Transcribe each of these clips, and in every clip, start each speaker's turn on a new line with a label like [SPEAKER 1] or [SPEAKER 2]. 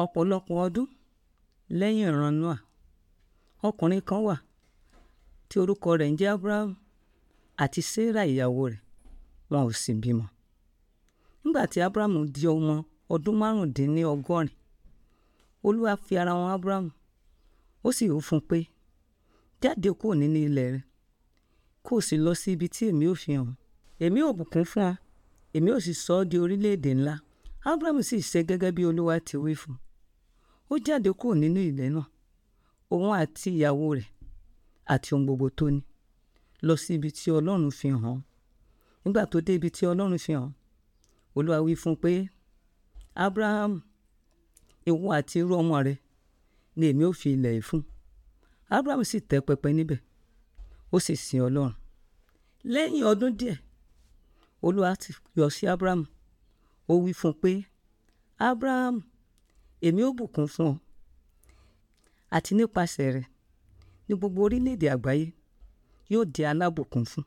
[SPEAKER 1] ọ̀pọ̀lọpọ̀ ọdún lẹ́yìn ìran noah ọkùnrin kan wà tí orúkọ rẹ̀ ń jẹ́ abraham àti sarah ìyàwó rẹ̀ wọn ò sì bímọ nígbà tí abraham di ọmọ ọdún márùndínlọ́gọ́rin olúwa fi ara wọn abraham ó sì hó fún un pé jáde kúrò nínú ilẹ̀ rẹ̀ kó o sì lọ sí ibi tí èmi ò fi hàn èmi ò bùkún fún ọ èmi ò sì sọ ọ́ di orílẹ̀-èdè ńlá abraham sì ṣe gẹ́gẹ́ bí olúwa ti wí fún un ó jáde kúrò nínú ilẹ̀ náà òun àti ìyàwó rẹ̀ àti ohun gbogbo tó ní lọ sí ibi tí ọlọ́run fi hàn nígbà tó dé ibi tí ọlọ́run fi hàn olúwa wí fún un pé abraham ìwọ àti irú ọmọ rẹ ni èmi ò fi ilẹ̀ yìí fún abraham sì tẹ́ pẹpẹ níbẹ̀ ó sì sin ọlọ́run lẹ́yìn ọdún díẹ̀ olúwa ti yọ sí abraham ó wí fún un pé abraham èmi ó bùkún fún ọ àti nípasẹ̀ rẹ̀ ní gbogbo orílẹ̀-èdè àgbáyé yóò di alábùkún fún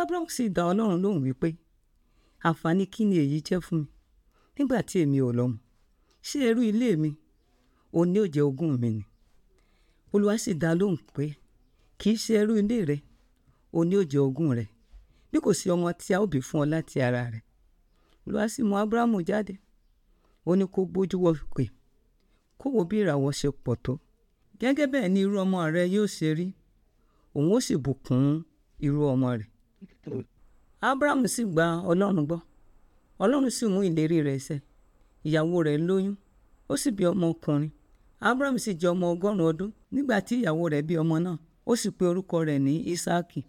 [SPEAKER 1] abraham sì dá ọlọ́run lóhùn wípé àǹfààní kí ni èyí jẹ́ fún mi nígbà tí èmi ò lọ́mọ ṣé ẹrú ilé mi òun ni ó jẹ ogún mi ni olúwa sì dá lóhùn pé kì í ṣe ẹrú ilé rẹ òun ni ó jẹ ogún rẹ bí kò sí ọmọ tí a ó bí fún ọ láti ara rẹ olúwa sì mú ábúráhámù jáde ó ní kó gbójú wọkè kó wo bí ìràwọ̀ ṣe pọ̀ tó gẹ́gẹ́ bẹ́ẹ̀ ni irú ọmọ rẹ yóò ṣe rí òun ó sì bùkún irú ọmọ rẹ ábúráhámù sì gba ọlọ́run gbọ́ ọlọ́run sì mú ìlérí rẹ̀ ṣẹ ìyàwó rẹ̀ lóyún ó sì bí ọmọ ọkùnrin ábúráhámù sì jẹ́ ọmọ ọgọ́rùn-ún ọdún nígbà tí ìyàwó rẹ̀ bí ọmọ náà ó sì pe orúkọ rẹ̀ ní ísáàkì